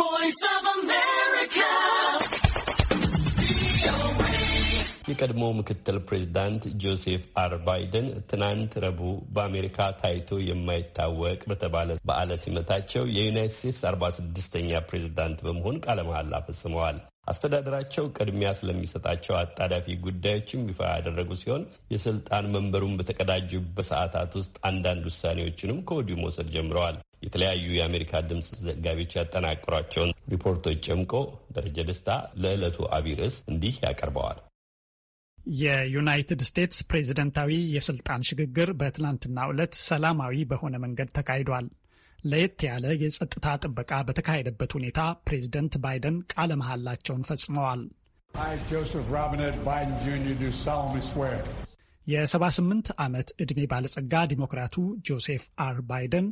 voice of America. የቀድሞ ምክትል ፕሬዚዳንት ጆሴፍ አር ባይደን ትናንት ረቡዕ በአሜሪካ ታይቶ የማይታወቅ በተባለ በዓለ ሲመታቸው የዩናይት ስቴትስ አርባ ስድስተኛ ፕሬዚዳንት በመሆን ቃለ መሐላ ፈጽመዋል። አስተዳደራቸው ቅድሚያ ስለሚሰጣቸው አጣዳፊ ጉዳዮችም ይፋ ያደረጉ ሲሆን የስልጣን መንበሩን በተቀዳጁ በሰዓታት ውስጥ አንዳንድ ውሳኔዎችንም ከወዲሁ መውሰድ ጀምረዋል። የተለያዩ የአሜሪካ ድምፅ ዘጋቢዎች ያጠናቀሯቸውን ሪፖርቶች ጨምቆ ደረጀ ደስታ ለዕለቱ አቢይ ርዕስ እንዲህ ያቀርበዋል። የዩናይትድ ስቴትስ ፕሬዝደንታዊ የስልጣን ሽግግር በትናንትናው ዕለት ሰላማዊ በሆነ መንገድ ተካሂዷል። ለየት ያለ የጸጥታ ጥበቃ በተካሄደበት ሁኔታ ፕሬዚደንት ባይደን ቃለ መሐላቸውን ፈጽመዋል። የ78 ዓመት ዕድሜ ባለጸጋ ዲሞክራቱ ጆሴፍ አር ባይደን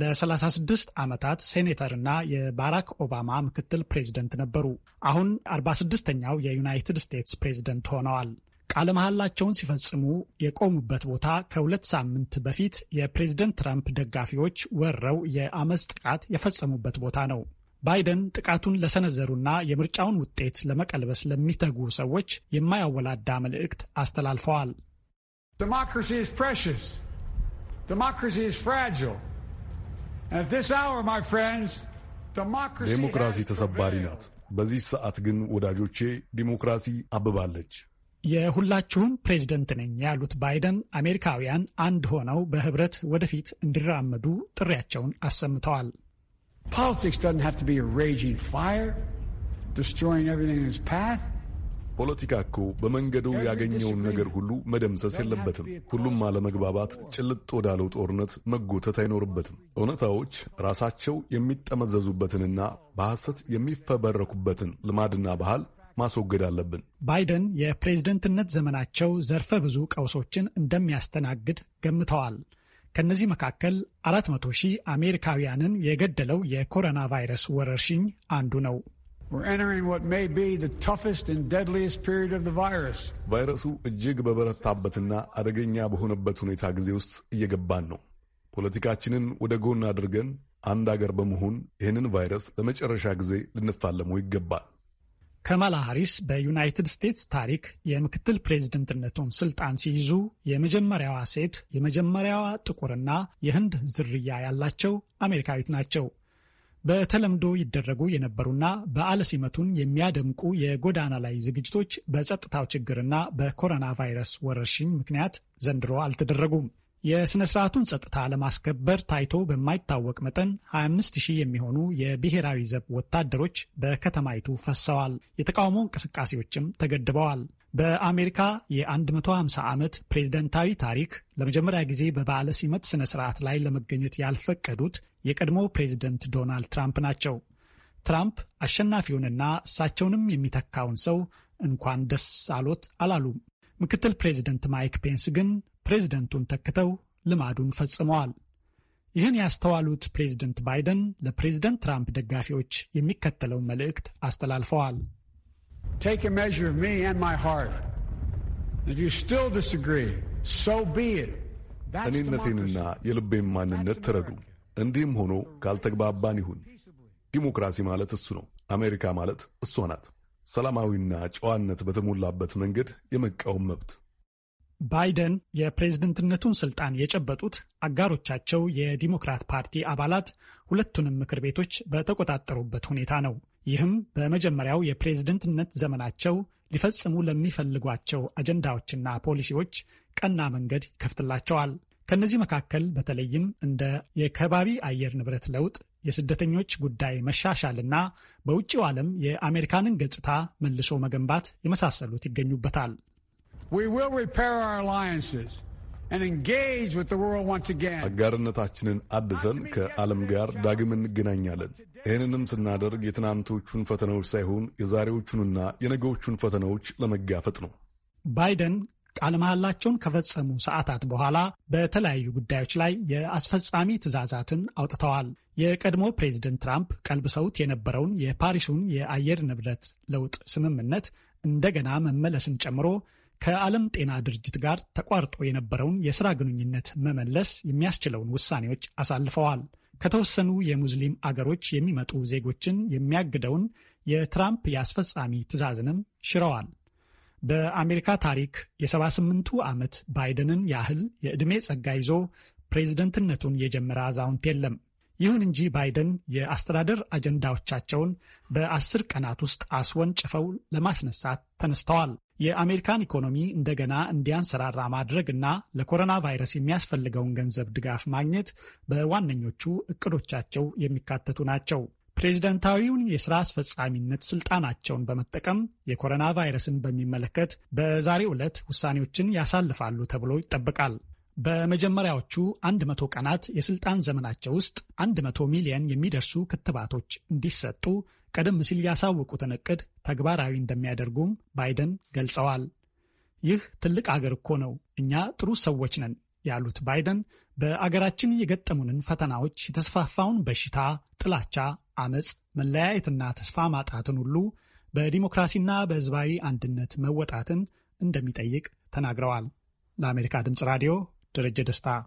ለ36 ዓመታት ሴኔተርና የባራክ ኦባማ ምክትል ፕሬዚደንት ነበሩ። አሁን 46ኛው የዩናይትድ ስቴትስ ፕሬዚደንት ሆነዋል። ቃለ መሐላቸውን ሲፈጽሙ የቆሙበት ቦታ ከሁለት ሳምንት በፊት የፕሬዝደንት ትራምፕ ደጋፊዎች ወረው የአመፅ ጥቃት የፈጸሙበት ቦታ ነው። ባይደን ጥቃቱን ለሰነዘሩና የምርጫውን ውጤት ለመቀልበስ ለሚተጉ ሰዎች የማያወላዳ መልእክት አስተላልፈዋል። ዴሞክራሲ ተሰባሪ ናት። በዚህ ሰዓት ግን ወዳጆቼ ዲሞክራሲ አብባለች። የሁላችሁም ፕሬዝደንት ነኝ ያሉት ባይደን አሜሪካውያን አንድ ሆነው በህብረት ወደፊት እንዲራመዱ ጥሪያቸውን አሰምተዋል። ፖለቲካ እኮ በመንገዱ ያገኘውን ነገር ሁሉ መደምሰስ የለበትም። ሁሉም አለመግባባት ጭልጥ ወዳለው ጦርነት መጎተት አይኖርበትም። እውነታዎች ራሳቸው የሚጠመዘዙበትንና በሐሰት የሚፈበረኩበትን ልማድና ባህል ማስወገድ አለብን። ባይደን የፕሬዝደንትነት ዘመናቸው ዘርፈ ብዙ ቀውሶችን እንደሚያስተናግድ ገምተዋል። ከነዚህ መካከል 400 ሺህ አሜሪካውያንን የገደለው የኮሮና ቫይረስ ወረርሽኝ አንዱ ነው። ቫይረሱ እጅግ በበረታበትና አደገኛ በሆነበት ሁኔታ ጊዜ ውስጥ እየገባን ነው። ፖለቲካችንን ወደ ጎን አድርገን አንድ አገር በመሆን ይህንን ቫይረስ ለመጨረሻ ጊዜ ልንፋለመው ይገባል። ከማላ ሃሪስ በዩናይትድ ስቴትስ ታሪክ የምክትል ፕሬዝደንትነቱን ስልጣን ሲይዙ የመጀመሪያዋ ሴት፣ የመጀመሪያዋ ጥቁርና የህንድ ዝርያ ያላቸው አሜሪካዊት ናቸው። በተለምዶ ይደረጉ የነበሩና በዓለ ሲመቱን የሚያደምቁ የጎዳና ላይ ዝግጅቶች በጸጥታው ችግርና በኮሮና ቫይረስ ወረርሽኝ ምክንያት ዘንድሮ አልተደረጉም። የሥነ ሥርዓቱን ጸጥታ ለማስከበር ታይቶ በማይታወቅ መጠን 25 ሺህ የሚሆኑ የብሔራዊ ዘብ ወታደሮች በከተማይቱ ፈሰዋል። የተቃውሞ እንቅስቃሴዎችም ተገድበዋል። በአሜሪካ የ150 ዓመት ፕሬዝደንታዊ ታሪክ ለመጀመሪያ ጊዜ በበዓለ ሲመት ሥነ ሥርዓት ላይ ለመገኘት ያልፈቀዱት የቀድሞ ፕሬዝደንት ዶናልድ ትራምፕ ናቸው። ትራምፕ አሸናፊውንና እሳቸውንም የሚተካውን ሰው እንኳን ደስ አሎት አላሉም። ምክትል ፕሬዚደንት ማይክ ፔንስ ግን ፕሬዚደንቱን ተክተው ልማዱን ፈጽመዋል። ይህን ያስተዋሉት ፕሬዚደንት ባይደን ለፕሬዚደንት ትራምፕ ደጋፊዎች የሚከተለው መልእክት አስተላልፈዋል። እኔነቴንና የልቤን ማንነት ተረዱ። እንዲህም ሆኖ ካልተግባባን ይሁን። ዲሞክራሲ ማለት እሱ ነው። አሜሪካ ማለት እሷ ናት። ሰላማዊና ጨዋነት በተሞላበት መንገድ የመቃወም መብት ባይደን የፕሬዝደንትነቱን ስልጣን የጨበጡት አጋሮቻቸው የዲሞክራት ፓርቲ አባላት ሁለቱንም ምክር ቤቶች በተቆጣጠሩበት ሁኔታ ነው። ይህም በመጀመሪያው የፕሬዝደንትነት ዘመናቸው ሊፈጽሙ ለሚፈልጓቸው አጀንዳዎችና ፖሊሲዎች ቀና መንገድ ይከፍትላቸዋል። ከእነዚህ መካከል በተለይም እንደ የከባቢ አየር ንብረት ለውጥ፣ የስደተኞች ጉዳይ መሻሻልና በውጭው ዓለም የአሜሪካንን ገጽታ መልሶ መገንባት የመሳሰሉት ይገኙበታል። አጋርነታችንን አድሰን ከዓለም ጋር ዳግም እንገናኛለን። ይህንንም ስናደርግ የትናንቶቹን ፈተናዎች ሳይሆን የዛሬዎቹንና የነገዎቹን ፈተናዎች ለመጋፈጥ ነው። ባይደን ቃለ መሐላቸውን ከፈጸሙ ሰዓታት በኋላ በተለያዩ ጉዳዮች ላይ የአስፈጻሚ ትዕዛዛትን አውጥተዋል። የቀድሞ ፕሬዚደንት ትራምፕ ቀልብሰውት የነበረውን የፓሪሱን የአየር ንብረት ለውጥ ስምምነት እንደገና መመለስን ጨምሮ ከዓለም ጤና ድርጅት ጋር ተቋርጦ የነበረውን የሥራ ግንኙነት መመለስ የሚያስችለውን ውሳኔዎች አሳልፈዋል። ከተወሰኑ የሙስሊም አገሮች የሚመጡ ዜጎችን የሚያግደውን የትራምፕ የአስፈጻሚ ትዕዛዝንም ሽረዋል። በአሜሪካ ታሪክ የ78ቱ ዓመት ባይደንን ያህል የዕድሜ ጸጋ ይዞ ፕሬዝደንትነቱን የጀመረ አዛውንት የለም። ይሁን እንጂ ባይደን የአስተዳደር አጀንዳዎቻቸውን በአስር ቀናት ውስጥ አስወንጭፈው ለማስነሳት ተነስተዋል። የአሜሪካን ኢኮኖሚ እንደገና እንዲያንሰራራ ማድረግ እና ለኮሮና ቫይረስ የሚያስፈልገውን ገንዘብ ድጋፍ ማግኘት በዋነኞቹ እቅዶቻቸው የሚካተቱ ናቸው። ፕሬዚደንታዊውን የሥራ አስፈጻሚነት ሥልጣናቸውን በመጠቀም የኮሮና ቫይረስን በሚመለከት በዛሬው ዕለት ውሳኔዎችን ያሳልፋሉ ተብሎ ይጠበቃል። በመጀመሪያዎቹ 100 ቀናት የስልጣን ዘመናቸው ውስጥ 100 ሚሊየን የሚደርሱ ክትባቶች እንዲሰጡ ቀደም ሲል ያሳወቁትን እቅድ ተግባራዊ እንደሚያደርጉም ባይደን ገልጸዋል። ይህ ትልቅ አገር እኮ ነው፣ እኛ ጥሩ ሰዎች ነን ያሉት ባይደን በአገራችን የገጠሙንን ፈተናዎች የተስፋፋውን በሽታ፣ ጥላቻ፣ አመፅ፣ መለያየትና ተስፋ ማጣትን ሁሉ በዲሞክራሲና በሕዝባዊ አንድነት መወጣትን እንደሚጠይቅ ተናግረዋል። ለአሜሪካ ድምፅ ራዲዮ did I did a stat